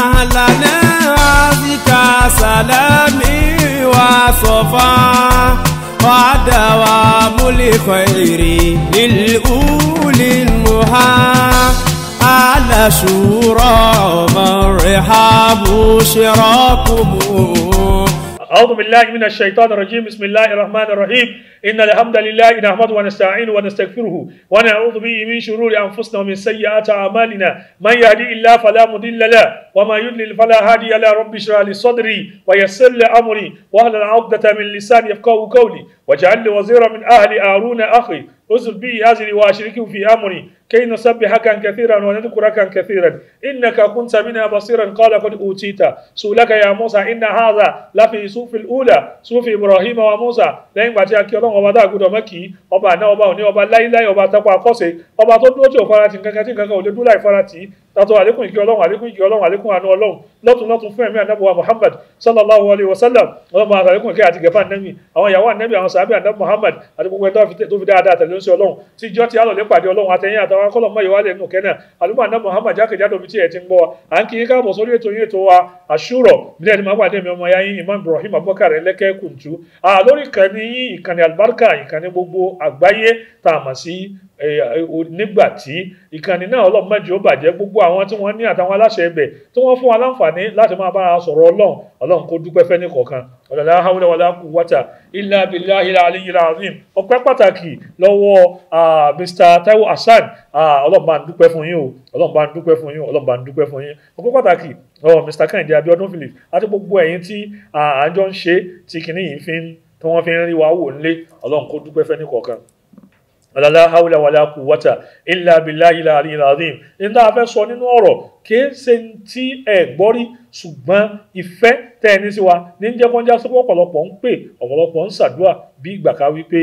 أهلا بك سلامي وصفا ودوام الخير للأولي المها على شورى مرحب شراكم أعوذ بالله من الشيطان الرجيم بسم الله الرحمن الرحيم إن الحمد لله نحمده ونستعينه ونستغفره ونعوذ به من شرور أنفسنا ومن سيئات أعمالنا من يهدي الله فلا مضل له وما يضلل فلا هادي له رب اشرح لي صدري ويسر لي أمري واهل العقدة من لساني يفقهوا قولي واجعل لي وزيرا من أهل آرون أخي أسر بي أزري وأشركه في أمري كي نسبحك كثيرا ونذكرك كثيرا إنك كنت بنا بصيرا قال قد أوتيت سولك يا موسى إن هذا لفي صوف الأولى صوف إبراهيم وموسى لين باتي أكي ọlọ́run ọba dáàgùdọ̀ mẹ́kì ọba àná ọba òní ọba láíláí ọba àtàkùn àkọ́sẹ̀ ọba tó dúró tí ò faratì nǹkan kan tí nǹkan kan ò lè dúró láì faratì àtọ àlékún ìkí ọlọ́run àlékún ìkí ọlọ́run àlékún àánú ọlọ́run lọ́tún lọ́tún fún ẹ̀mí ànábùwà muhammad sallallahu alayhi wa sallam ọlọ́run àtàlékún ìkí àti gẹ̀fà nẹ́mì àwọn ìyàwó ànẹ́mì àwọn sàbẹ̀ ànábù muhammad àti gbogbo ẹ̀dá tó fi dáadáa tẹ̀lé ń sọ ọlọ́run tí ìjọ ti alọ̀lẹ́ pàdé ọlọ́run àtẹ̀yìn àtàwọn akọ́lọ̀ mọ́ ìwà muhammad jákèjádò bí tí ẹ̀ ti ń gbọ́ wa àṣúrọ̀ bílẹ̀ ni máa pàdé ibrahim abubakar ẹlẹ́kẹ́ kùntù lórí ìkànnì yín ìkànnì àlùbáríkà ìkànnì gbogbo àgbáyé Eh, nígbà tí ìkànnì náà ọlọ́mọdé ó bàjẹ́ gbogbo àwọn tí wọ́n ní àtàwọn aláṣẹ ibẹ̀ tí wọ́n fún wa láǹfààní láti máa bára sọ̀rọ̀ ọlọ́run ọlọ́run kó dúpẹ́ fẹ́ nìkọ̀ọ̀kan ọ̀làlá hawla wala quwwata illa billahi al-aliyyil azim ọpẹ́ pàtàkì lọ́wọ́ Mr. Taiwo Hassan ọlọ́run bá ń dúpẹ́ fún yín o ọlọ́run bá ń dúpẹ́ fún yín ọlọ́run bá ń dúpẹ́ fún yín ọpẹ́ pàtàkì lọ́wọ́ Mr. Kẹ́hìndé abiodun philip, àti gbogbo ẹ̀yin tí àjọ ń ṣe tí kìnnìyàn fi ń tí wọ́n fi ń rí wa wò nílé ọlọ́run kó dúpẹ́ fẹ́ alala haula wala quwwata illa billahi aliyil azim nínú afẹ́ sọ nínú ọ̀rọ̀ kìí ṣe tí ẹ gbọ́ rí ṣùgbọ́n ìfẹ́ tẹ́ ẹ ní sí wa ní jẹ́kọ́njá sí ọ̀pọ̀lọpọ̀ ń pè ọ̀pọ̀lọpọ̀ ń ṣàdúrà bí ìgbà ká wí pé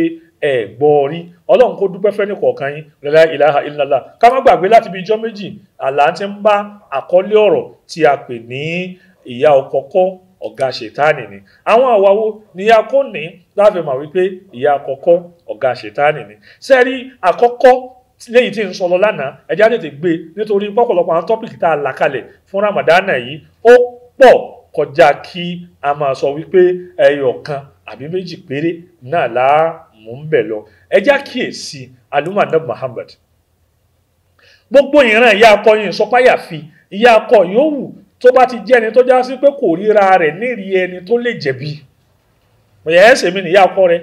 ẹ gbọ́ rí ọlọ́run kó dúpẹ́ fẹ́ nìkọ̀ọ̀kan yín lọ́lá ìlàhà ìlàlá ká má gbàgbé láti bí ijọ́ méjì àlá ti ń bá àkọ́lé ọ̀rọ̀ tí a pè ní ìyá ọkọ̀ọ̀kọ́ ọ̀gá ṣètánì ni àwọn àwáwo ni ìyá kò ní láfi mọ̀ wípé ìyá àkọ́kọ́ ọ̀gá ṣètánì ni sẹ́rí àkọ́kọ́ lẹ́yìn tí n sọ lọ lánàá ẹ̀já tètè gbé e nítorí pọ̀pọ̀lọpọ̀ àwọn tọ́pìkì tá a là kalẹ̀ fún Ramadana yìí ó pọ̀ kọjá kí a máa sọ wípé ẹyọ kan àbí méjì péré náà là á mú ń bẹ̀ lọ ẹ̀já kíyèsí alumadu Muhammad gbogbo ìran ìyá akọ yìí sọpáyà fi ìyá akọ yòówù tó bá ti jẹ́ ẹni tó já pé kò ríra rẹ̀ nírìí ẹni tó lè jẹ̀bi ẹ̀yà ẹ̀sẹ̀ mi nìyá ọkọ rẹ̀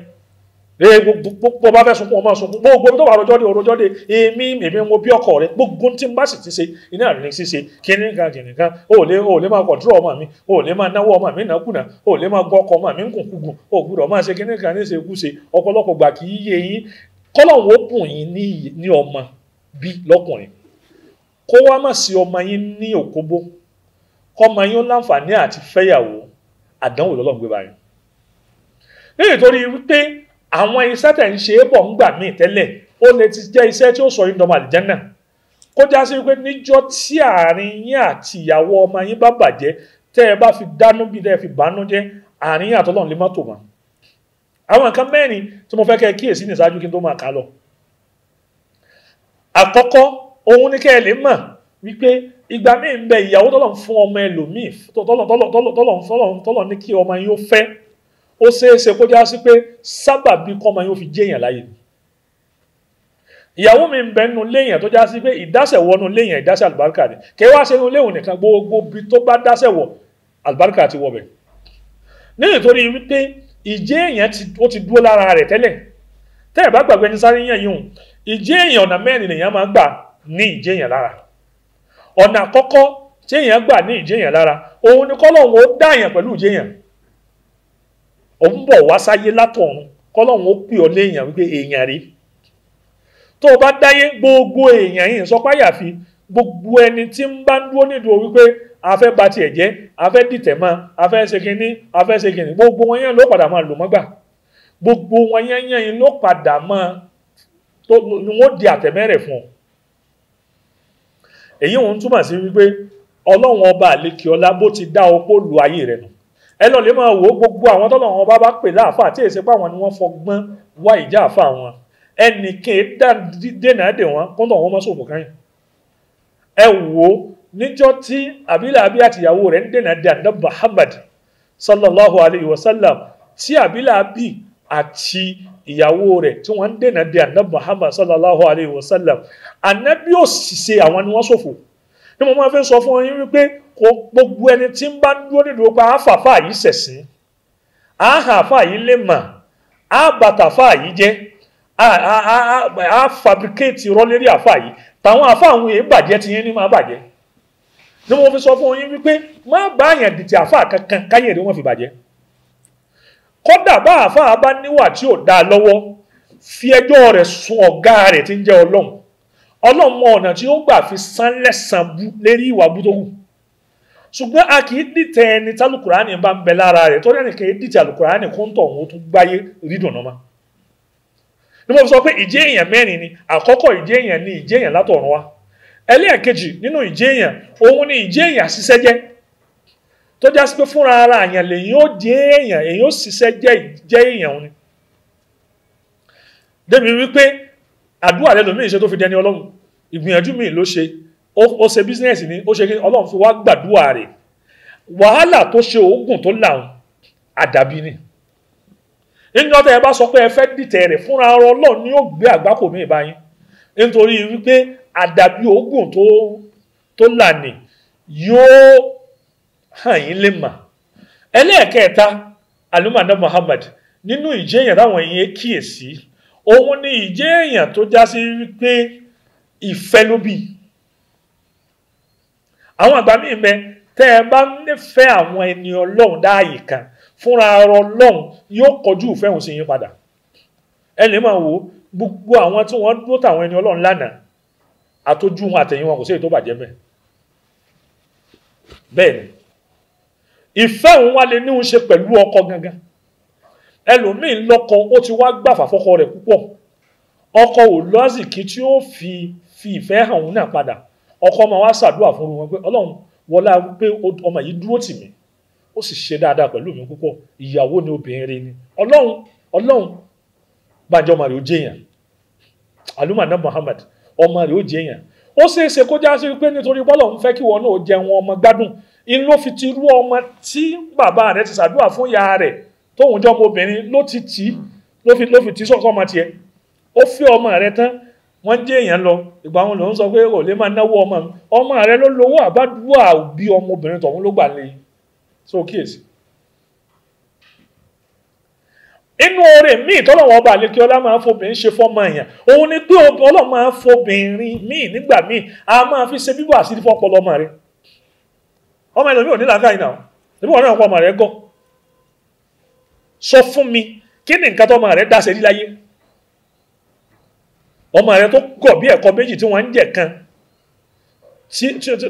ee gbogbo bá fẹ́ sunkún ọmọ sunkún gbogbo tó wà lọ́jọ́ de òrojọ́ de èmi èmi mo bí ọkọ rẹ gbogbo tí n bá sì ti ṣe iná rẹ sì ṣe kíní kan o lè lè máa mi o lè máa náwó ọmọ mi nàkúnà má sí kọ́mọ yín ó láǹfààní àti fẹ́yàwó àdánwò lọ́lọ́run gbé báyìí nítorí wípé àwọn iṣẹ́ tẹ̀ ń ṣe é bọ̀ ń gbà míì tẹ́lẹ̀ ó lè ti jẹ́ iṣẹ́ tí ó sọ yín dọ́mọ àlìjẹ́nà kó já sí pé níjọ́ tí àárín yín àti ìyàwó ọmọ yín bá bàjẹ́ tẹ́ ẹ bá fi dánú bí tẹ́ fi bánú jẹ́ àárín yín àtọ́lọ́run lè má tò mọ́ àwọn nǹkan mẹ́rin tí mo fẹ́ kẹ́ ẹ kíyèsí ní ìṣáájú kí n tó máa kà á lọ àkọ́kọ́ òun ni kẹ́ ẹ lè mọ̀ wípé ìgbà míì ń bẹ ìyàwó tọ́lọ̀ ń fún ọmọ ẹlòmíì tọ́lọ̀ ní kí ọmọ yín ó fẹ́ ó ṣeéṣe kó já sí pé sábàbí kọ́ ọmọ yín ó fi jẹ́yàn láyè ni ìyàwó mi ń bẹ nínú léyìn tó já sí pé ìdásẹ̀wọ́ nínú léyìn ìdásẹ̀ àlùbáríkà ni kí wá ṣe nínú nìkan gbogbo bí tó bá dásẹ̀wọ́ àlùbáríkà ti wọbẹ̀ nítorí wípé ìjẹ́ èèyàn ó ti dúró lára rẹ̀ tẹ́lẹ̀ tẹ́ẹ̀ bá gbàgbé ní sáré yẹn yìí ìjẹ́ èèyàn ọ̀nà mẹ́rin nìyẹn máa ń gbà ní ìjẹ́ èèyàn lára ọ̀nà àkọ́kọ́ tí èèyàn gbà ní ìjẹyàn lára òun ni kọ́lọ́hún ó dáyàn pẹ̀lú ìjẹyàn òun bọ̀ wá sáyé látọ̀run kọ́lọ́hún ó pè ọ́ léèyàn wípé èèyàn rí tó o bá dáyé gbogbo èèyàn yìí sọ páyàfi gbogbo ẹni tí ń bá ń dúró nídùú wípé a fẹ́ ba tiẹ̀ jẹ́ a fẹ́ dìtẹ̀ mọ́ a fẹ́ ṣe kínní a fẹ́ ṣe kínní gbogbo wọn yẹn ló padà máa lò mọ́gbà gbogbo wọn yẹn yẹn ló padà máa tó ni wọ́n di àtẹ̀mẹ́rẹ̀ fún ọ èyí òun túmọ̀ sí wípé ọlọ́run ọba àlekè ọlá bó ti dá opó lu ayé rẹ̀ nù ẹ lọ lè máa wò gbogbo àwọn tọ́lọ́run ọba bá pè láàfáà tí èsì pàwọn ni wọ́n fọgbọ́n wá ìjà àfáà wọn ẹnìkan dènà dè wọn kó tó wọn mọ́ sòfò káyìn ẹ wò ó níjọ́ tí àbílàbí àtìyàwó rẹ̀ ń dènà dè àdá Muhammad sallallahu alayhi wa sallam tí àbílàbí àti ìyàwó rẹ̀ tí wọ́n ń dènà de anabi muhammad sallallahu alayhi wa sallam anabi ò sì ṣe àwọn ni wọ́n ṣòfò ni mo máa fẹ́ sọ fún yín wípé kò gbogbo ẹni tí ń bá dúró nídìí pa àfàfà yìí ṣẹ̀sìn àhàfà yìí lè mà àbàtàfà yìí jẹ́ a fabricate irọ́ lérí àfà yìí tàwọn àfà àwọn èèyàn bàjẹ́ ti yín ní máa bàjẹ́ ni mo fi sọ fún yín wípé má bá àyàn dìtì àfà kankan káyèrè wọn fi bàjẹ́ kódà bá àfáà bá níwà tí ò dáa lọ́wọ́ fi ẹjọ́ rẹ̀ sun ọ̀gá rẹ̀ tí ń jẹ́ ọlọ́run ọlọ́run mọ ọ̀nà tí ó gbà fi san lẹ́sàn bú lérí ìwà bú ṣùgbọ́n a kì í dìtẹ̀ ẹni tí alukurani bá ń bẹ lára rẹ̀ tó kó ń tọ̀ òun tó gbáyé rídùn ni mo sọ pé ìjẹ́ èèyàn mẹ́rin ni àkọ́kọ́ ìjẹ́ èèyàn ni ìjẹ́ èèyàn tó já sí pé fúnra ara àyàn lèyìn ó di èèyàn èyàn ó ṣiṣẹ́ jẹ́ èèyàn òun ni débi wípé àdúrà lẹ́nu mi ṣe tó fi dẹni ọlọ́run ìgbìyànjú mi ló ṣe ó ṣe bísínẹ́sì ni ó ṣe kí ọlọ́run fi wá gbàdúrà rẹ̀ wàhálà tó ṣe oògùn tó làwọn àdàbí ni nígbà tó ẹ bá sọ pé ẹ fẹ́ dìtẹ̀ rẹ̀ fúnra ara ọlọ́run ni ó gbé àgbákò mi bá nítorí wípé àdàbí oògùn tó tó là ní yóò hàn yín lè mà ẹlẹ́ẹ̀kẹta alumada Muhammad nínú ìjẹ́ èèyàn táwọn yẹn kíyèsí ohun ni ìjẹ́ èèyàn to já sí ifelobi awon ló bí bá nífẹ̀ẹ́ àwọn kan fúnra ọ̀rọ̀ ọlọ́run yóò kọjú ìfẹ́ sí yín padà máa gbogbo àwọn tí dúró wọn wọn kò sí ìfẹ́ òun wá lè níhun ṣe pẹ̀lú ọkọ gangan ẹlòmíín lọkọ ó ti wá gbàfà ọkọ ò lọ́sìkì tí fi fi ìfẹ́ hàn òun padà ọkọ ọmọ wa ṣàdúrà fún wọn pé ọlọ́run pé ọmọ yìí dúró tì mí ó sì ṣe dáadáa pẹ̀lú mi púpọ̀ ìyàwó ni obìnrin ni ọlọ́run ọlọ́run bàjẹ́ ọmọ rẹ ó alumana ọmọ rẹ ọmọ gbádùn in ló fi ti rú ọmọ tí bàbá rẹ̀ ti ṣàdúrà fún ìyá rẹ̀ tóun jọ obìnrin ló ti tì í ló fi ló fi tì í sọ́kọ́ ọmọ tiẹ̀ ó fẹ́ ọmọ rẹ̀ tán wọ́n jẹ́ èèyàn lọ ìgbà wọn lòún sọ pé ò lè máa náwó ọmọ mi ọmọ rẹ̀ ló lówó àbádúrà òbí ọmọbìnrin tọ̀hún ló gbà lé so kíyèsí. inú oore míì tọ́lọ́wọ́n ọba àlekí ọlá máa ń fobìnrin ṣe fọ́mọ èèyàn òun ni pé ọlọ́ọ̀ máa ń fobìnrin míì nígbà míì a máa fi ṣe bíbọ̀ àṣírí fọ́pọ̀ lọ́mọ rẹ̀ ọmọ ẹlòmí ò ní làákàyè náà níbi wọn náà kọ ọmọ rẹ gọ sọ fún mi kí ni nǹkan tó ọmọ rẹ dá sẹ́rí láyé ọmọ rẹ tó gọ̀ bí ẹ̀kọ́ méjì tí wọ́n ń jẹ̀ kan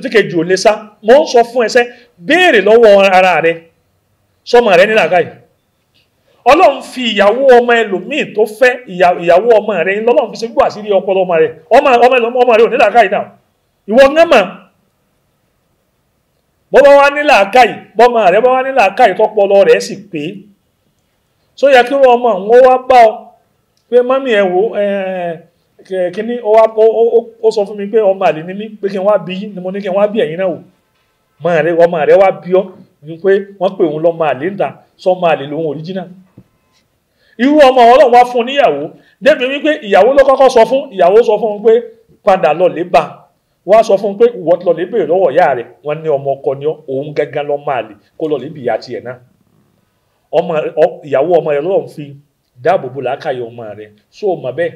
tí kejì ò lè sá mo ń sọ fún ẹsẹ́ béèrè lọ́wọ́ ara rẹ sọmọ rẹ ní làákàyè ọlọ́run fi ìyàwó ọmọ ẹlòmíì tó fẹ́ ìyàwó ọmọ rẹ lọ́lọ́run fi ṣe gbọ́ àṣírí ọpọlọ ọmọ rẹ ọmọ ẹlòmíì ọmọ rẹ ò ní làákàyè náà ìwọ ń gán bọ́ bá ní làákàyè bọ́mọ rẹ bá wá ní làákàyè tọ́pọlọ rẹ̀ sì pé so yẹ kí ọ pé mọ́mí ẹ wò kíní ó sọ fún mi pé ọmọ àlè ni mí pé n wá bí ni mo ní kí n wá bí náà wò ọmọ rẹ wá bí ọ ni pé pè òun àlè ń ta àlè lòun original irú ọmọ wá fún níyàwó débi wípé ìyàwó ló sọ fún padà lọ lè wọ́n á sọ fún un pé ìwọ lọ lè béèrè lọ́wọ́ ìyá rẹ̀ wọ́n ní ọmọ ọkọ ni òun gángan lọ́ máa lè kó lọ lè bìyà tiẹ̀ náà ọmọ ìyàwó ọmọ rẹ̀ lọ́wọ́ fi dáàbòbò bo làákàyè ọmọ rẹ̀ só o bẹ́ẹ̀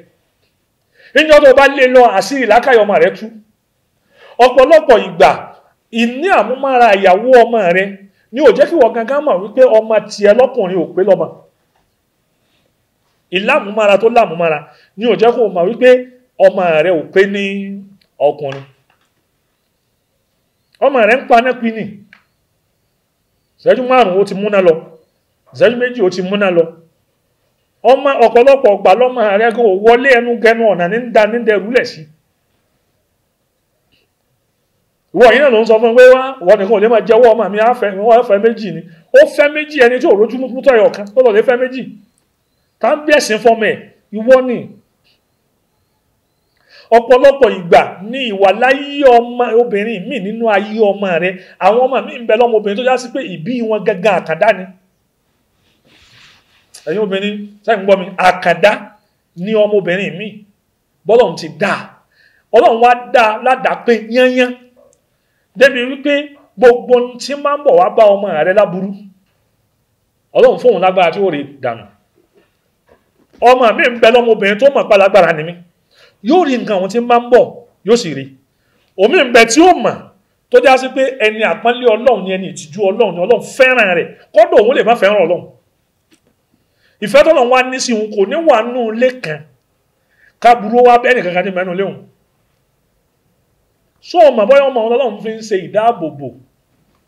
níjọ́ tó lè lọ àṣírí làákàyè ọmọ rẹ̀ tú ọ̀pọ̀lọpọ̀ ìgbà ìní àmúmára ìyàwó ọmọ rẹ̀ ni ò jẹ́ kí wọ́n mọ̀ wípé ọmọ lọ́kùnrin ò pé lọ́mọ ìlàmúmára tó ni ọmọ rẹ̀ ń paná pinni ìṣẹ́jú márùn-ún ó ti múná lọ ìṣẹ́jú méjì ó ti múná lọ ọmọ ọ̀pọ̀lọpọ̀ ọgbà lọ́mọ rẹ̀ kò wọlé ẹnu gẹnu ọ̀nà ní da ní dẹrúlẹ̀ sí ìwọ yìí ló ń sọ fún pé wá nìkan ò lè máa jẹ́wọ́ ọmọ mi àfẹ́ wọ́n fẹ́ méjì ni ó fẹ́ méjì ẹni tí ò rójú mú tọ̀yọ̀ kan tó lọ lè fẹ́ méjì tá ń bí fọmọ ẹ̀ ni ọ̀pọ̀lọpọ̀ ìgbà ní ìwà láyé ọmọ obìnrin míì nínú ayé ọmọ rẹ àwọn ọmọ míì ń bẹ lọ́mọ obìnrin tó já sí pé ìbí wọn gángan àkàndá ni ẹ̀yin obìnrin sẹ́yìn gbọ́ mi àkàndá ní ọmọ obìnrin míì bọ́lọ̀ ti dà ọlọ́run wá dá ládàá pé yányán débi wípé gbogbo ohun tí máa ń bọ̀ wá bá ọmọ rẹ láburú ọlọrun fóun lágbára tí ó rè dànù ọmọ mi ń bẹ lọ́mọ obìnrin tó mọ̀ pálágbára ni mí. yóò rí nǹkan àwọn tí ń bá ń bọ̀ yóò sì rí omi ń bẹ tí ó mọ̀ tó já sí pé ẹni àpọ́nlé ọlọ́run ni ẹni ìtìjú ọlọ́run ni ọlọ́run fẹ́ràn rẹ̀ kọ́dọ̀ òun lè má fẹ́ràn ọlọ́run ìfẹ́ tọ́lọ̀ wá ní sí òun kò ní wà nù lé kan kábúrú wá bẹ́ẹ̀ nìkan kan ní mẹ́nu léhùn sọ ọmọ bọ́yá ọmọ ọlọ́run fi ń ṣe ìdáàbòbò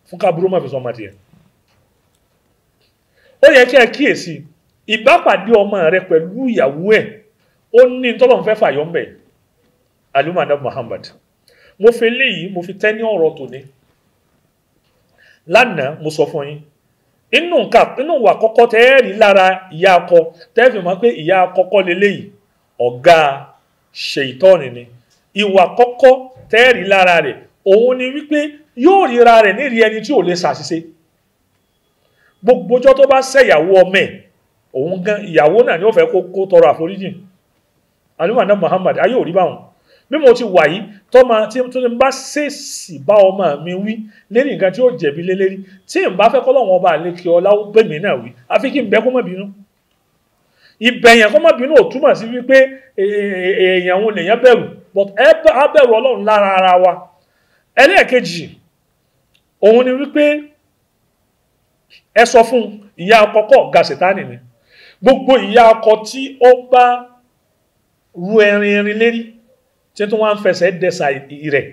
fún kábúrú má fi sọ ọmọ tiẹ̀ ó yẹ kí ẹ kíyèsí ìbápàdé ọmọ rẹ pẹ̀lú ìyàwó ẹ̀ ó ní tọ́lọ́n fẹ́ fàyọ́ mbẹ̀ alimada Muhammad mo fi léyìí mo fi tẹ́ ní ọ̀rọ̀ tòní lánàá mo sọ fún yín inú nǹkan inú wà kọ́kọ́ tẹ́ ẹ rí lára ìyá akọ tẹ́ ẹ fi mọ̀ pé ìyá akọ́kọ́ leléyìí ọ̀gá ṣèitọ́ọ̀nì ni ìwà kọ́kọ́ tẹ́ ẹ rí lára rẹ̀ òun ni wípé yóò ríra rẹ̀ ní rí ẹni tí ò lè ṣàṣìṣe gbogbo tó bá ṣẹ̀yàwó ọmọ ẹ̀ òun gan ìyàwó náà ni ó fẹ́ kó tọrọ àforíjì àlùmọ̀ náà Muhammad ayé ò rí báwọn bí mo ti wà yìí tọ́mọ tí n bá ṣèèṣì bá ọmọ mi wí lẹ́yìn nǹkan tí ó jẹ̀bi lé lérí tí n bá fẹ́ kọ́lọ́wọ́n ọba àlekè ọlá bẹ̀mí náà wí àfi kí n bẹ́ kó má bínú ìbẹ̀yàn kó má bínú ò túmọ̀ sí wípé e, e, èèyàn òun lèèyàn bẹ̀rù but á bẹ̀rù ọlọ́run lára ara wa ẹlẹ́ẹ̀kejì òun ni wípé ẹ sọ fún ìyá ọkọ kọ gàṣẹ̀tánì ni gbogbo ìyá ọkọ tí ó bá ru ẹrin ẹrin lérí tí tó wọ́n ń fẹsẹ̀ dẹ̀sà rẹ̀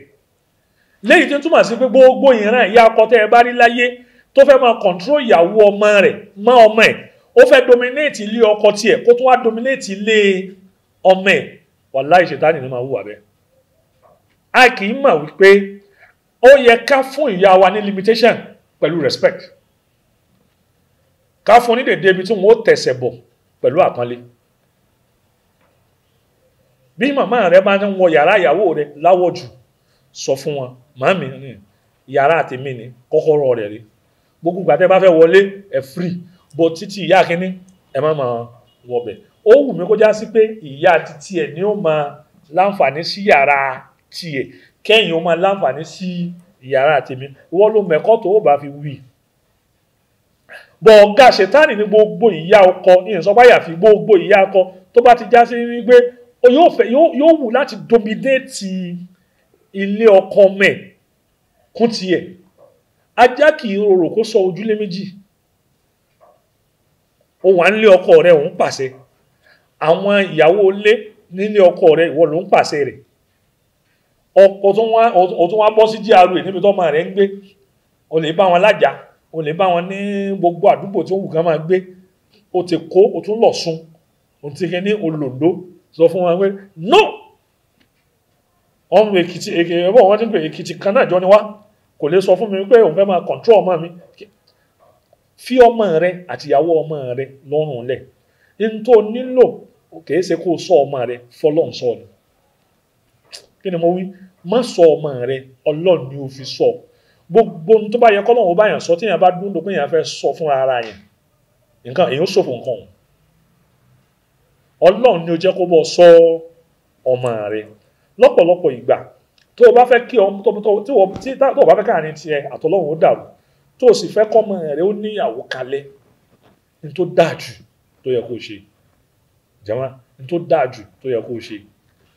léyìí tí ó túmọ̀ sí pé gbogbo ìran ìyá ọkọ tẹ́ ẹ bá rí láyé tó fẹ́ máa kọ̀ǹtró ìyàwó ọmọ rẹ̀ mọ́ ọmọ ẹ̀ ó fẹ́ dominate ilé ọkọ tiẹ̀ kó tún wá dominate ilé ọmọ ẹ̀ wàláì ṣètánì ni máa wù wá bẹ́ẹ̀. a kì í mọ̀ wípé ó yẹ ká fún ìyá wa ní limitation pẹ̀lú respect ká fún ní dèdè ibi tí wọ́n ó tẹ̀sẹ̀ bọ̀ pẹ̀lú àpọ́nlé bí màmá rẹ bá ń wọ yàrá ìyàwó rẹ láwọ̀ jù sọ fún wọn màmí ni yàrá tèmi ni kọ́kọ́rọ́ rẹ̀ rí gbogbo gbàtẹ́ bá fẹ́ wọlé ẹ̀ free bó títí ìyá kínní ẹ̀ má máa wọbẹ̀ ó wù mí kó já sí pé ìyá títí ẹ̀ ni ó máa láǹfààní sí yàrá tiẹ̀ kẹ́yìn ó máa láǹfààní sí yàrá tèmi wọ́n ló mẹ́kọ́ tó ó bá fi wí bọ̀ ọ̀gá ṣètánì ní gbogbo ìyá ọkọ ìyẹn sọ báyà fi gbogbo ìyá ọkọ tó bá ti já sí wípé o yóò fẹ́ yóò wù láti dominate ilé ọkọ mẹ kún tiẹ̀ ajá kì í rorò kó sọ ojúlé méjì o wà nílé ọkọ rẹ òun pàṣẹ àwọn ìyàwó ilé nílé ọkọ rẹ ìwọ ló ń pàṣẹ rẹ ọkọ tó wá bọ́ sí GRA níbi tó máa rẹ ń gbé o lè bá wọn lájà o lè bá wọn ní gbogbo àdúgbò tí ó wù kán máa gbé o ti kó o tún lọ sun o ti kẹ ní olòdó sọ fún wọn pé no ọmọ èkìtì ẹbọ wọn ti ń pè èkìtì kan náà jọ ni wá kò lè sọ fún mi pé òun fẹ́ máa control ọmọ mi fi ọmọ rẹ àtìyàwó ọmọ rẹ lọ́rùn lẹ̀ n tó nílò kìí ṣe kó sọ ọmọ rẹ fọlọ́n sọ ni kí ni mo wí má sọ ọmọ rẹ ọlọ́run ni o fi sọ gbogbo ohun tó bá yẹ kọ́lọ́run ó bá yàn sọ tí yàn bá dúndùn pé yàn fẹ́ sọ fúnra ara yẹn nǹkan èyí ó ṣòfò nǹkan òun ọlọ́run ni ó jẹ́ kó bọ́ sọ ọmọ rẹ lọ́pọ̀lọpọ̀ ìgbà tó o bá fẹ́ kí ọmọ tó tí tó o bá fẹ́ tiẹ̀ ó dàrú tó o sì fẹ́ rẹ ó níyàwó kalẹ̀ ní tó dáa tó yẹ kó o ṣe ní tó dáa yẹ kó o ṣe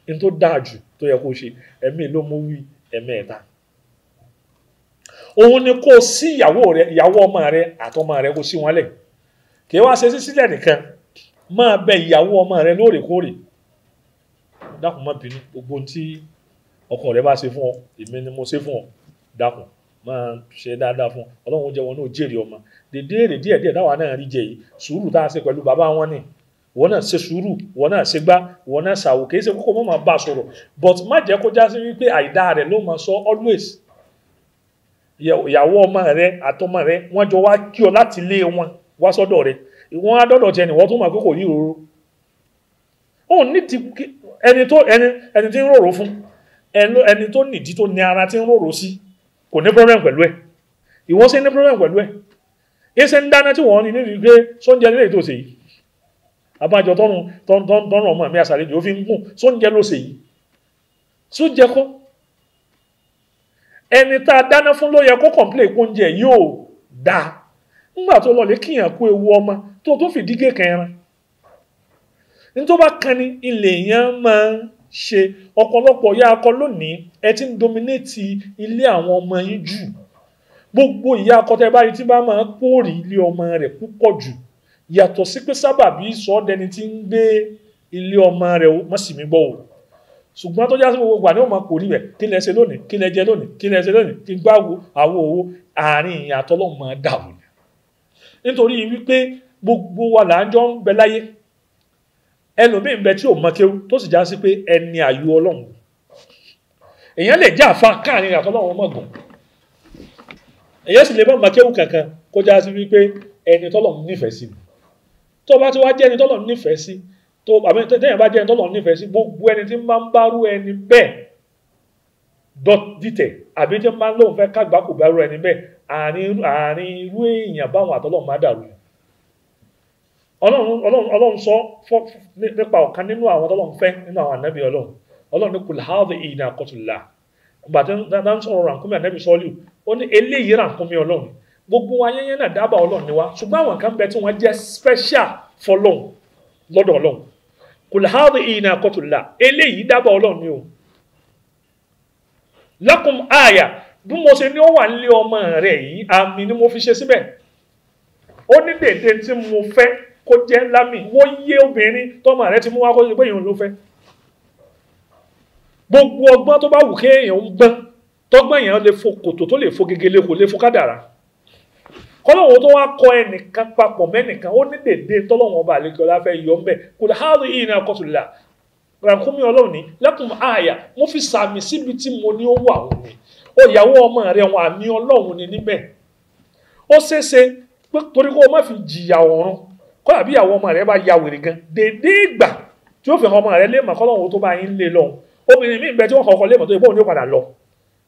ní tó dáa jù yẹ kó o ṣe ẹ̀mí ló mú wí òun ni kó o sí ọmọ rẹ àtọmọ rẹ o sí wọn ṣe máa bẹ ìyàwó ọmọ rẹ lóòrèkóòrè dákun má bínú gbogbo tí ọkọ rẹ bá ṣe fún ọ èmi ni mo ṣe fún ọ dákun máa ṣe dáadáa fún ọ ọlọ́run jẹ́ wọn náà jèrè ọmọ dèdè èrè díẹ̀ díẹ̀ dáwà náà rí jẹ yìí sùúrù tá a ṣe pẹ̀lú bàbá wọn ni wọn náà ṣe sùúrù wọn náà ṣe gbá wọn náà ṣàwò kì í ṣe kókó mọ́ máa bá a sọ̀rọ̀ but má jẹ́ kó já sí wípé àìdá rẹ̀ ló máa sọ always ìyàwó ọmọ rẹ àtọmọ rẹ wọ́n jọ wá kí ọ láti lé wọn wá sọ́dọ̀ rẹ̀ ìwọ́n adọ́dọ̀ tiẹ̀ ni wọ́n tún mọ̀ pé kò rí òun ní ti ẹni tó ẹni ẹni tí ń rorò fún ẹni tó nìdí tó ní ara tí ń rorò sí kò ní problem pẹ̀lú ẹ̀ ìwọ́n sì ní problem pẹ̀lú ẹ̀ ẹsẹ̀ ń dáná tí wọ́n ní nídìí pé sóúnjẹ nílé tó ṣe abájọ tọ́nu tọ́nu ọmọ mi àṣàlejò ó fi ń gùn sóúnjẹ ló ṣe sóúnjẹ kọ́ ẹni tá a dáná fún ló yẹ kó kọ̀ǹplé ìpóúnjẹ yóò dáa nígbà tó lọ lè kíyàn kú ewu ọmọ tó tó fìdí gé kan ẹran ní tó bá kan ni ilé yẹn máa ń ṣe ọ̀pọ̀lọpọ̀ ìyá akọ lónìí ẹ ti ń dominéètì ilé àwọn ọmọ yín jù gbogbo ìyá akọ tẹ báyìí tí bá máa pòórì ilé ọmọ rẹ̀ púpọ̀ jù yàtọ̀ sí pé sábàbí sọ́ọ́dẹni ti ń gbé ilé ọmọ rẹ̀ mọ́sìmí gbọ́ o ṣùgbọ́n tó jásí gbogbo àní òun máa kò rí kí lẹ lónìí kí lẹ lónìí kí lẹ lónìí kí gbáwo àwo owó àárín ìyàtọ̀ lọ́mọ dàrú nítorí wípé gbogbo wa là ń jọ ń bẹ láyé ẹlòmíì ń bẹ tí ò mọ kéwú tó sì já sí pé ẹni àyò ọlọ́run èèyàn lè jẹ́ àfa káàrin àtọ́lọ́run mọ̀gàn èèyàn sì lè má mọ kéwú kankan kó já sí wípé ẹni tọ́lọ́run nífẹ̀ẹ́ sí tó bá ti wá jẹ́ ẹni tọ́lọ́run nífẹ̀ẹ́ sí tó àmì tẹ́yìn bá jẹ́ ẹni tọ́lọ́run nífẹ̀ẹ́ sí gbogbo ẹni tí máa ń bárú ẹni bẹ́ẹ̀ dọ́t dìtẹ̀ àbí tí máa ń lóun fẹ́ kágbá kò ẹni bẹ́ẹ̀ àárín irú èèyàn báwọn àtọ́lọ́run máa dàrú ọlọ́run sọ nípa ọ̀kan nínú àwọn tọ́lọ́run fẹ́ nínú àwọn ànábì ọlọ́run ọlọ́run ní kùlá ọ̀dọ̀ ìyìn àkọtùlá gbàtẹ́ náà sọ̀rọ̀ rànkúnmí ànábì sọ́ọ́lù ó ní eléyìí gbogbo ayẹyẹ náà ọlọ́run ni wa ṣùgbọ́n àwọn kan bẹ tí wọ́n jẹ́ special fọlọ́run lọ́dọ̀ ọlọ́run kùlá ọ̀dọ̀ ìyìn àkọtùlá eléyìí ọlọ́run ni o aya bí mo ṣe ní ó wà nílé ọmọ rẹ̀ yìí àmì ni mo fi ṣe síbẹ̀ ó ní dèdè tí mo fẹ́ kó jẹ́ lámì wọ́n yé obìnrin tọ́mọ rẹ̀ ti mú wá kó ṣe pé èèyàn ló fẹ́ gbogbo ọgbọ́n tó bá wù kéèyàn ń gbọ́n tọ́gbọ́n èèyàn lè fo kòtò tó lè fo gegele kò lè fo kádàrá kọlọ́wọ́ tó wá kọ ẹnìkan papọ̀ mẹ́nìkan ó ní dèdè tọ́lọ́wọ́n ọba àlejòlá fẹ́ yọ ọ́ mbẹ́ kò lè háàrú yìí náà kọ́ tó lè ọlọ́run ní lẹ́kùn àyà mo fi sàmì síbi tí mo ní ó wà òun ni ó ìyàwó ọmọ rẹ wọn àmì ọlọ́run ni níbẹ̀ ó ṣeéṣe pé torí kó o má fi jìyà ọ̀run kó àbí ìyàwó ọmọ rẹ bá ya wèrè gan dédé ìgbà tí ó fi hàn ọmọ rẹ lé màkọ́ lọ́hùn tó bá yín lé lọ́hùn obìnrin míì bẹ tí wọ́n kọ́kọ́ lé mọ̀ tó yẹ bóun ní padà lọ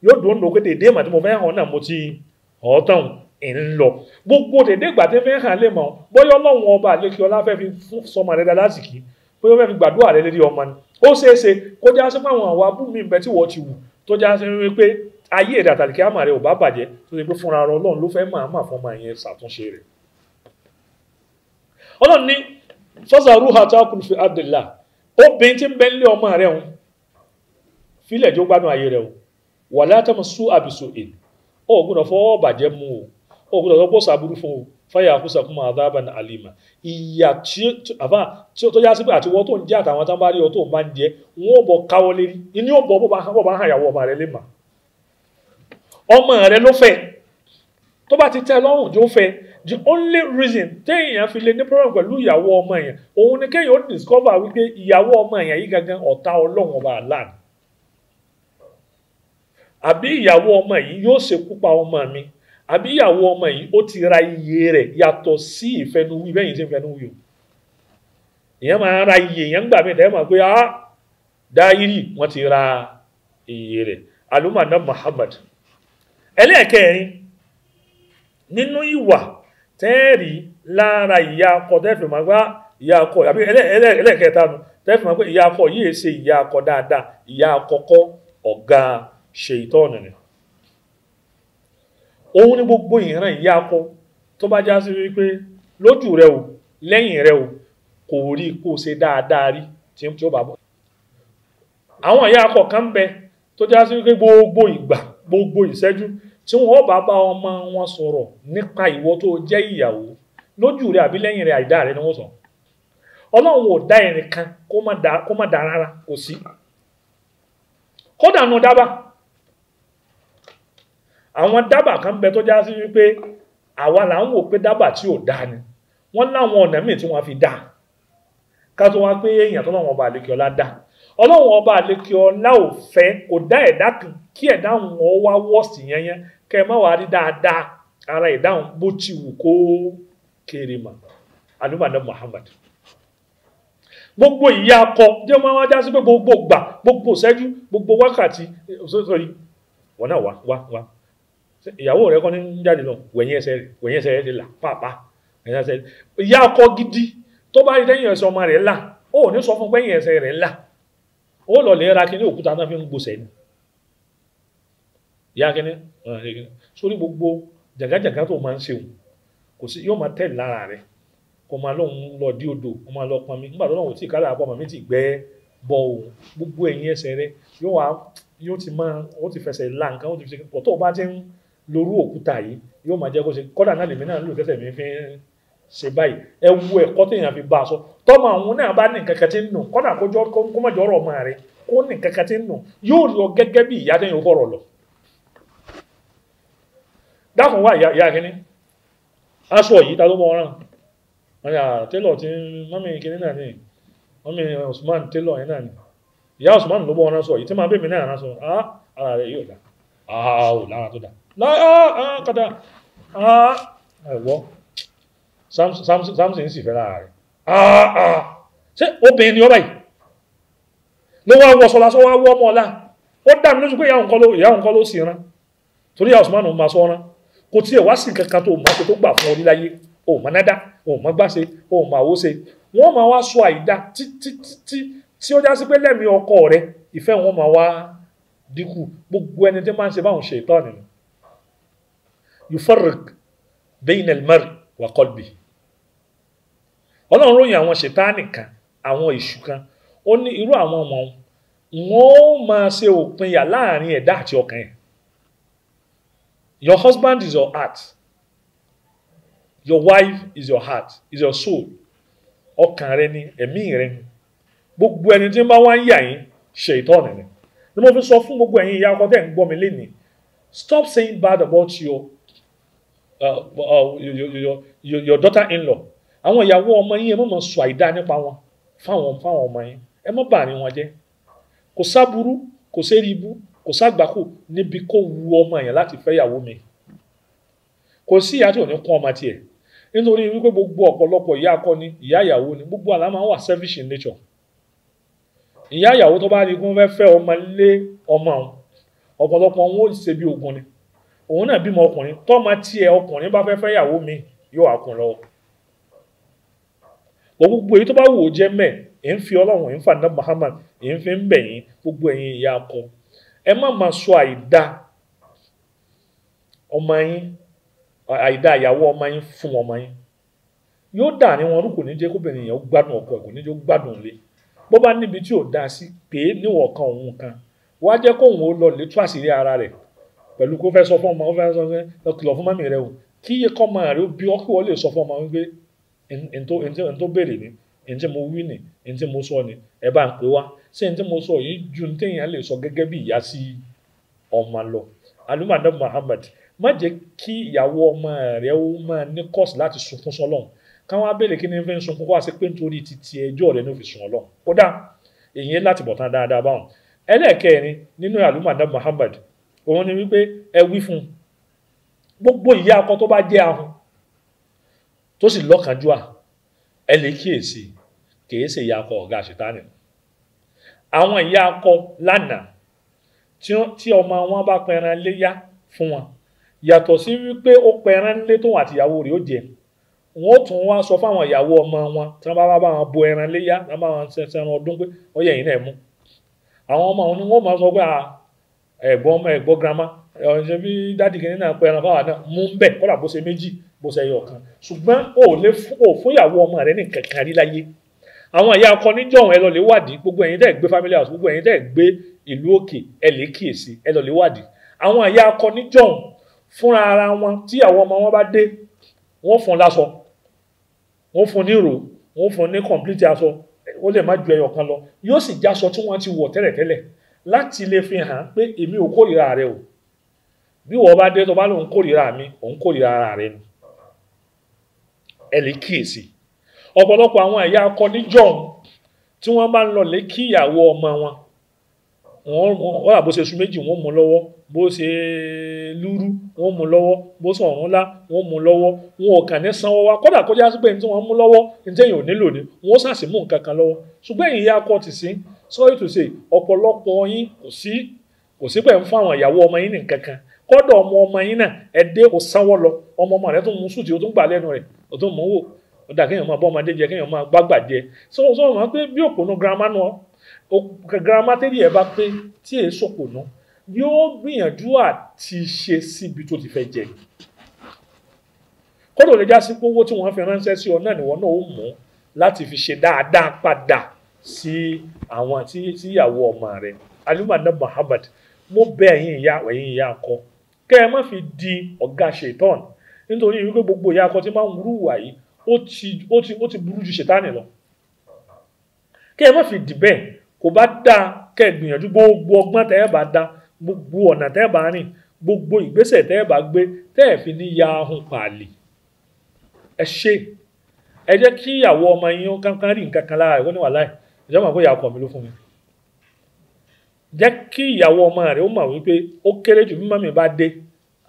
yóò dùn ún lò pé dédé ìgbà tí mo fẹ́ hàn náà mo ti ọ̀ọ́tàn ń lọ gbogbo dédé ìgbà tí fẹ́ hàn lé mọ̀ bóyá ọlọ́run ọba àlékí ọlá fẹ́ fi sọmọ rẹ dáadáa sì kí bóyá fẹ́ fi gbàdúrà rẹ lérí ayé rẹ̀ àtàlìkí a maara ò bá bàjẹ́ tó ṣe pé fúnra ara ọlọ́run ló fẹ́ máa máa fún ọmọ yẹn ṣàtúnṣe rẹ̀ ọlọ́run ní sọ́sà ruha tó kùn fi abdullah obìnrin tí ń bẹ nílé ọmọ rẹ̀ òun filẹ̀ tí gbádùn ayé rẹ̀ o wà látàmú àbìsù ìn o ó ọmọ rẹ ló fẹ tó bá ti tẹ́ lọ́rùn jó fẹ́ the only reason téèyàn fi lè ní problem pẹ̀lú ìyàwó ọmọ yẹn òun ni kéèyàn ó discover wípé ìyàwó ọmọ yẹn yìí gangan ọ̀tá ọlọ́run ọba àlàn àbí ìyàwó ọmọ yìí yóò ṣekú pa ọmọ mi àbí ìyàwó ọmọ yìí ó ti ra iye rẹ̀ yàtọ̀ sí ìfẹnuwí bẹ́yìn tí ń fẹnuwí o ìyẹn máa ra iye yẹn gbà mí dẹ́mọ̀ pé ah dáírì wọ́n ti ra iye rẹ̀ alumana Muhammad ẹlẹ́ẹ̀kẹrin nínú ìwà tẹ́ẹ̀rí lára ìyá akọ tẹ́ẹ̀fì máa ah, gbá ìyá akọ àbí ẹlẹ́ẹ̀kẹta nu tẹ́ẹ̀fì máa gbé ìyá akọ yìí ṣe ìyá akọ dáadáa ìyá akọkọ ọ̀gá ni òun gbogbo ìran ìyá akọ tó bá já sí wípé lójú rẹ o lẹ́yìn rẹ o kò rí kó ṣe dáadáa rí tí ó bá bọ̀ àwọn ìyá akọ kan bẹ tó já sí wípé gbogbo ìgbà gbogbo ìṣẹ́jú tí wọ́n bá bá ọmọ wọn sọ̀rọ̀ nípa ìwọ tó jẹ́ ìyàwó lójú rẹ àbí lẹ́yìn rẹ àìdá rẹ ni wọ́n sọ ọlọ́run ò dá ẹ̀rìn kan kó má da rárá kò sí kódà nu dábàá àwọn dábàá kan bẹ tó já sí wípé àwa là ń wò pé dábàá tí ò dáa ni wọ́n láwọn ọ̀nà míì tí wọ́n fi dáa ká tó wá pé èèyàn tó ọlá ọlọ́run ọba àlekè ọlá kò dá ẹ̀dá kan kí ẹ̀dá òun ọ wá wọ́ọ̀sì yẹn yẹn kẹ ẹ má wàá ara ẹ̀dá òun bó ti wù kó kéré mà alumana gbogbo ìyá akọ jẹ́ máa wá dásí gbogbo gbà gbogbo gbogbo wákàtí eh, náà wá wá rẹ kọ́ ní jáde lọ wẹ̀yìn ẹsẹ̀ rẹ gidi tó bá rí ọmọ rẹ la ó ní sọ fún pé ẹ̀yìn ẹsẹ̀ ó lọ lè ra kíní òkúta náà fi ń gbòsẹ̀ ni ìyá kíní sórí gbogbo jàgàjàgà tó máa ń ṣeun kò sí yóò máa tẹ̀lé lára rẹ̀ kò máa lóun lọ dí odò kò máa lọ pọnmi nígbà tó lóun tí ìkálà àbọ̀ màmí ti gbẹ́ bọ òun gbogbo ẹ̀yìn ẹsẹ̀ rẹ̀ yóò wá yóò ti máa ó ti fẹsẹ̀ la nǹkan ó ti fi kò tó o bá ti ń lorú òkúta yìí yóò máa jẹ́ kó ṣe kọ́dà náà lèmi náà lò kẹsẹ̀ mi fi ṣe báyìí ẹ wo ẹ̀kọ́ téèyàn fi bá a sọ tọmọ àwọn náà bá ní nǹkan kan tí ń nù kọ́nà àkójọ kọ́mọ̀jọ ọ̀rọ̀ ọmọ rẹ kó ní nǹkan kan tí ń nù yóò lọ gẹ́gẹ́ bí ìyá tẹ́yìn ó bọ̀rọ̀ lọ. dákun wá ìyá ìyá kínní aṣọ yìí ta ló mọ ọ̀ràn wọn yà tẹ́lọ̀ tí mọ́mí kínní náà ni mọ́mí Usman tẹ́lọ̀ yẹn náà ni ìyá Usman ló mọ ọ̀ràn sọ yìí tí máa bẹ́ẹ̀ mi náà rán sọ ah ara rẹ yóò dá ah lára tó dá ah ah kàdá ah ẹ̀wọ́ Samson sì fẹ́ lára rẹ̀ Ah, ah. ṣé obìnrin ni ọ báyìí ló wá wọ sọlá sọ wá wọ ọmọ ọlá ó dá mi lójú pé ìyáhùn kọ́ ló sì rán torí àwọn ọ̀sùnmánù máa sọ rán kò tiẹ̀ wá sí nǹkan kan tó máa ṣe tó gbà fún orí láyé ò mọ nádá ò mọ gbàṣe ò mọ àwòṣe wọn máa wá sọ àìdá títí tí ó já sí pé lẹ́mìí ọkọ rẹ ìfẹ́ wọn máa wá dínkù gbogbo ẹni tí máa ń ṣe báwọn ṣe ìtọ́ nínú yufarriq bayna al-mar'i wa ọlọ́run ròyìn àwọn ṣètánì kan àwọn èṣù kan ó ní irú àwọn ọmọ wọn ó máa ṣe òpinya láàrin ẹ̀dá àti ọkàn yẹn your husband is your heart your wife is your heart is your soul ọkàn rẹ ni ẹ̀mí rẹ ni gbogbo ẹni tí ń bá wá ń yà yín ṣe ìtọ́ni ni ni mo fi sọ fún gbogbo ẹ̀yin ìyá ọkọ tẹ̀ ń gbọ́ mi lénìí stop saying bad about your, uh, uh, your, your, your, your daughter-in-law àwọn ìyàwó ọmọ yín ẹ má máa sọ àìdá nípa wọn fáwọn fáwọn ọmọ yín ẹ má bà ní wọn jẹ́ kò sáburú kò sẹ́ríbú kò ságbákò níbi kó wu ọmọ yẹn láti fẹ́ ìyàwó mi kò sí ìyá tí ò ní kún ọmọ tiẹ̀ nítorí wípé gbogbo ọ̀pọ̀lọpọ̀ ìyá akọni ìyá ìyàwó ni gbogbo àlá máa ń wà selfish in nature ìyá ìyàwó tó bá ní kún fẹ́ fẹ́ ọmọ lé ọmọ àwọn ọ̀pọ̀lọpọ̀ wọn ò ṣe bí ogun ni òun náà bímọ ọkùnrin tọ́mọ tiẹ̀ ọkùnrin bá fẹ́ fẹ́ ìyàwó mi yóò àkùn lọ́wọ́ bọ́ gbogbo èyí tó bá wò ó jẹ́ mẹ́ ẹ̀ ń fi ọlọ́run ẹ̀ ń fà ní fi ń gbogbo ẹyin ìyá kọ ẹ má má sọ àìdá ọmọ yín àìdá àyàwó ọmọ yín fún ọmọ yín yóò dà ní wọn kò ní jẹ́ kóbìnrin yẹn ó gbádùn ọkọ níbi tí ò dáa sí pé níwọ̀n kan kan wá o kí n tó béèrè ni n tí mo wí ni n tí mo sọ ni ẹ bá ń pè wá ṣé n tí mo sọ yìí ju n téèyàn lè sọ gẹ́gẹ́ bí ìyá sí ọmọ lọ alumada Muhammad má jẹ́ kí ìyàwó ọmọ rẹ̀ ó máa ní kọ́ọ̀sì láti sunkún sọlọ́run káwọn abẹ́rẹ́ kí ni fi sunkún kó a pé nítorí titi ẹjọ́ rẹ̀ ní òfin sun ọlọ́run kódà èyí láti bọ̀ tán dáadáa báwọn ẹlẹ́ẹ̀kẹrin nínú alumada Muhammad òun ni wípé ẹ wí fún gbogbo ìyá akọ tó bá jẹ́ ahun tó sì lọ́kànjúà ẹ lè kíyèsí kìí ìyá akọ ọ̀gá ṣètánì àwọn ìyá akọ lánàá tí ọmọ wọn bá pẹran léyà fún wọn yàtọ̀ sí wípé ó pẹran lé tóun àtìyàwó rẹ̀ ó jẹ wọn ó tún wá sọ fáwọn ìyàwó ọmọ wọn tí wọn bá bá wọn bo ẹran léyà wọn bá wọn sẹran ọdún pé ó yẹ ẹ̀yin náà mú àwọn ọmọ wọn ni wọn máa sọ pé ah, ẹ̀gbọ́n ọmọ ẹ̀gbọ́n girama ẹ ṣe bí dádì kìnìún pẹran fáwọn náà mú bẹ́ẹ̀ kọlà bó ṣe méjì bó ṣe yọ kan ṣùgbọ́n o ò lè fún ìyàwó ọmọ rẹ ní kankan rí láyé àwọn ìyá ọkọ níjọ̀hún ẹ lọ lè wádìí gbogbo ẹ̀yin tẹ́ family house gbogbo ẹ̀yin tẹ́ ìlú òkè ẹ lè kíyèsí ẹ lọ lè wádìí àwọn ìyá ọkọ níjọ̀hún fúnra ara wọn tíyàwó ọmọ wọn bá dé wọ́n fún láṣọ wọ́n fún ní ìró wọ́n fún ní complete aṣọ ó lè má ju ẹyọ kan lọ yóò sì jáṣọ tí wọ́n ti wọ̀ tẹ́lẹ̀tẹ́lẹ̀ láti lè fi hàn pé èmi ò kórìíra rẹ o bí wọ́n bá dé tó bá lóun kórìíra mi òun kórìíra ara rẹ ni ẹ ọ̀pọ̀lọpọ̀ àwọn ẹ̀yà akọ níjọ́ tí wọ́n bá ń lọ lè kí ìyàwó ọmọ wọn wọ́n àbó ṣe sun méjì wọ́n mú lọ́wọ́ bó ṣe lúrú wọ́n mú lọ́wọ́ bó ṣe ọ̀run wọn ò kàn ní sanwó wa kódà kọjá sí pé ní tí wọ́n mú lọ́wọ́ ní tẹ́yìn ò nílò ni wọ́n ṣàṣì mú nǹkan kan ọmọ yín ọmọ ọmọ yín náà kò ọmọ ọmọ tó mú ọ̀tọ̀ mọ́wò ọ̀dà kéèyàn máa bọ́ ọmọdé jẹ kéèyàn máa gbàgbà jẹ so so wọn pé bí òpònú girama náà girama tẹ́lẹ̀ ẹ̀ bá pé tí èé sọ̀pònú yóò gbìyànjú àti ṣe síbi tó ti fẹ́ jẹ kọ́dọ̀ lè já sí pé owó tí wọ́n fi ránṣẹ́ sí ọ náà nìwọ náà ó mú láti fi ṣe dáadáa padà sí àwọn tí ìyàwó ọmọ rẹ alimadu Muhammad mo bẹ̀ ẹ̀yin ìyá ẹ̀yin ìyá kọ kẹ́ ẹ má fi di ọ̀gá ṣètọ́nù nítorí wípé gbogbo ìyá akọ tí máa ń wúrú wà yìí ó ti ó ti ó ti burú ju ṣètánì lọ kí ẹ má fi dì bẹ́ẹ̀ kò bá dáa kẹ́ ẹ gbìyànjú gbogbo ọgbọ́n tẹ́ ẹ bá dá gbogbo ọ̀nà tẹ́ ẹ bá rìn gbogbo ìgbésẹ̀ tẹ́ ẹ bá gbé tẹ́ ẹ fi ní ya ahun pààlì ẹ ṣe ẹ jẹ́ kí ìyàwó ọmọ yín kankan rí nǹkan kan lára ẹ̀ wọ́n ní wàhálà ẹ̀ ìjọba àgbẹ̀ ìyàwó ọkọ mi ló fún mi jẹ́ kí ìyàwó ọmọ rẹ̀ ó mọ̀ wípé ó kéré jù bí mọ́mí bá dé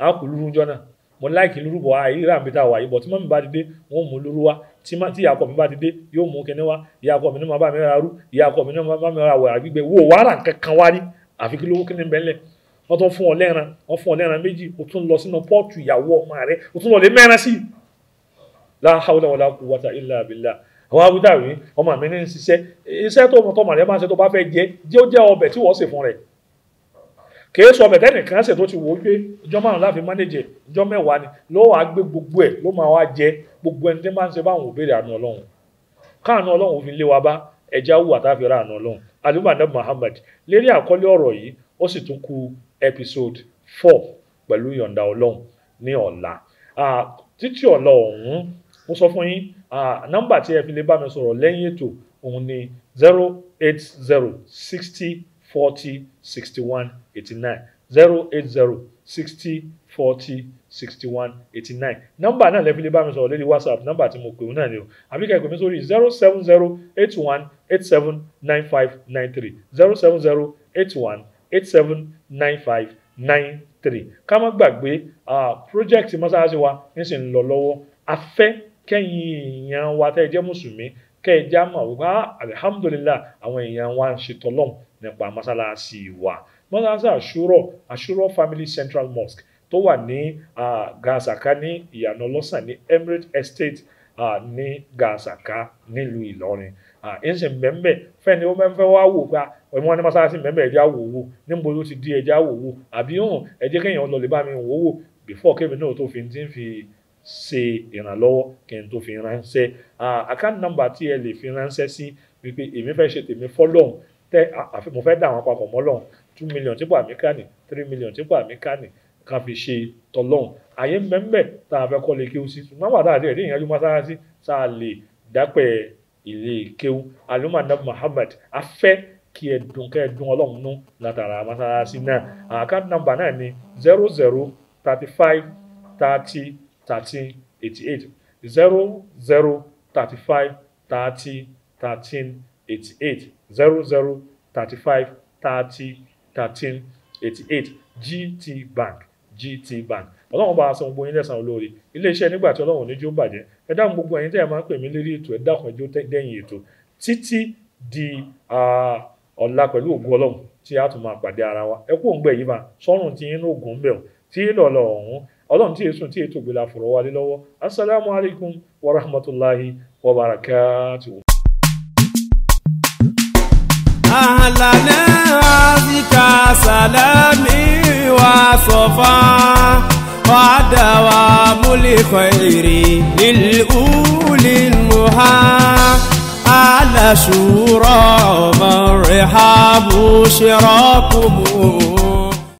àwọn kò náà mo láìkì lórúkọ àìríra mi tá a wà yìí bọ̀ tí mọ́mí bá ti dé wọn ò mú lóru wá tí ìyá ọkọ mi bá ti dé yóò mú kíní wá ìyá ọkọ mi náà bá mi ra rú ìyá ọkọ mi náà bá mi ra wàrà gbígbẹ wo wàrà kankan wá ní àfi kí lówó kíní bẹ́ńlẹ̀ wọ́n tún fún ọ lẹ́ran wọ́n fún ọ lẹ́ran méjì o tún lọ sínú pọ́ọ̀tù ìyàwó ọmọ rẹ o tún lọ lé mẹ́rin sí i la hawla wala quwwata illa billah àwọn abúdá rèé ọmọ mi ní ń ṣiṣẹ́ iṣẹ́ tó mọ̀ tọ́mọ̀ máa ń ṣe tó bá fẹ́ jẹ jẹ́ ó jẹ́ ọbẹ̀ tí wọ́n sè fún rẹ̀ kìí sọ bẹ̀tẹ́ nìkan ṣe tó ti wò ó pé ìjọ márùn láfi mánéjẹ ìjọ mẹ́wàá ni ló wàá gbé gbogbo ẹ̀ ló máa wá jẹ gbogbo ẹni tí máa ń ṣe báwọn òbèrè àánú ọlọ́run káàánú ọlọ́run fi lé wa bá ẹja wù àtàfi ra àánú ọlọ́run àdúgbò àdá Muhammad lérí àkọlé ọ̀rọ̀ yìí ó sì tún kù episode four pẹ̀lú ìyọ̀ǹda ọlọ́run ní ọ̀la títí ọ̀la ọ̀hún mo sọ fún yín nọ́mbà tí ẹ fi lè bá mi sọ̀rọ̀ lẹ́yìn ètò òun ni zero eight zero sixty 40 61 89 080 60 40 61 89 nọ́mbà náà lẹ́fi lè bá mi sọ̀rọ̀ lórí whatsapp nọ́mbà tí mo pè ọ́ náà ni o àbí kẹ́kọ̀ọ́ mi sórí 070 81 87 95 93 070 81 87 95 93 ká má gbàgbé project mọ́sáàsì wa ń sì ń lọ lọ́wọ́ afẹ́ kẹ́yìn èèyàn wa tẹ́ ẹ jẹ́ mùsùlùmí kẹ́ẹ̀já mọ̀ wípé ah, alihamudulilayi àwọn èèyàn wa ń ṣe tọ́lọ́m nípa mọ́sálásí wa mọ́sálásí àṣúrọ̀ àṣúrọ̀ family central mosque tó wà ní gàṣàkà ní ìyànà ọlọ́sàn ní emirate estate ní gàṣàkà nílùú ìlọrin ẹ̀sìn mẹ́mbẹ́ fẹ́ni ó mẹ́fẹ́ wá wò pé wọ́n ah, ní mọ́sálásí mẹ́mbẹ́ ẹ̀já wò wò níbo ló ti di ẹ̀já wò wò àbí hàn hmm, ẹ̀jẹ̀ kéèyàn lọ lè bá before kébì náà tó fi ti ń fi ṣe ìrànlọ́wọ́ kí n tó fi ránṣẹ́ account number tí ẹ lè fi ránṣẹ́ sí wípé èmi fẹ́ ṣe tèmi fọ́lọ́hún tẹ mo fẹ́ dà wọn papọ̀ mọ́lọ́hún two million tí pàmí kà ní three million tí pàmí kà ní ká fi ṣe tọ́lọ́hún àyè mẹ́mẹ́ tá a fẹ́ kọ́ lè kéwú sí ṣùgbọ́n wà dáadé rí ìyànjú mọ́sálásí tá a lè dápẹ́ ilé kéwú alumma nab Muhammad afẹ́ kí ẹ dùn kẹ́ ẹ dùn ọlọ́run nú látara mọ́sálásí náà account number náà ni zero zero thirty five thirty thirteen eighty eight zero zero thirty five thirty thirteen eighty eight zero zero thirty five thirty thirteen eighty eight gt bank gt bank ọlọ́run bá a san gbogbo yín lẹ́sàn-án olóore iléeṣẹ́ nígbà tí ọlọ́run oníjó bàjẹ́ ẹ dáhùn gbogbo ẹ̀yin tẹ́ ẹ máa ń pè mí lérí ètò ẹ dákun ẹjọ́ dẹ́yìn ètò títí di ọ̀la pẹ̀lú ògùn ọlọ́run tí a tún máa pàdé ara wa ẹ kú òǹgbẹ yìí bá sọ́run tí yín ní ògùn ń bẹ̀ ọ́ tí lọ́lọ́ ọ̀hún ọlọ́run tí èsùn tí ètò ìgbéla fọ̀rọ̀ wálé lọ́wọ́ asalaamu alaykum wa rahmatulahi wa barakatuhu. àlàlẹ́ àfikà sàlámì wà sọ̀fà wàdàwà múlẹ̀kọ̀ èrè nílùúlì nùhà àlàṣúrọ̀ mọ̀rẹ̀hábù ṣẹ̀rọ̀kùmù.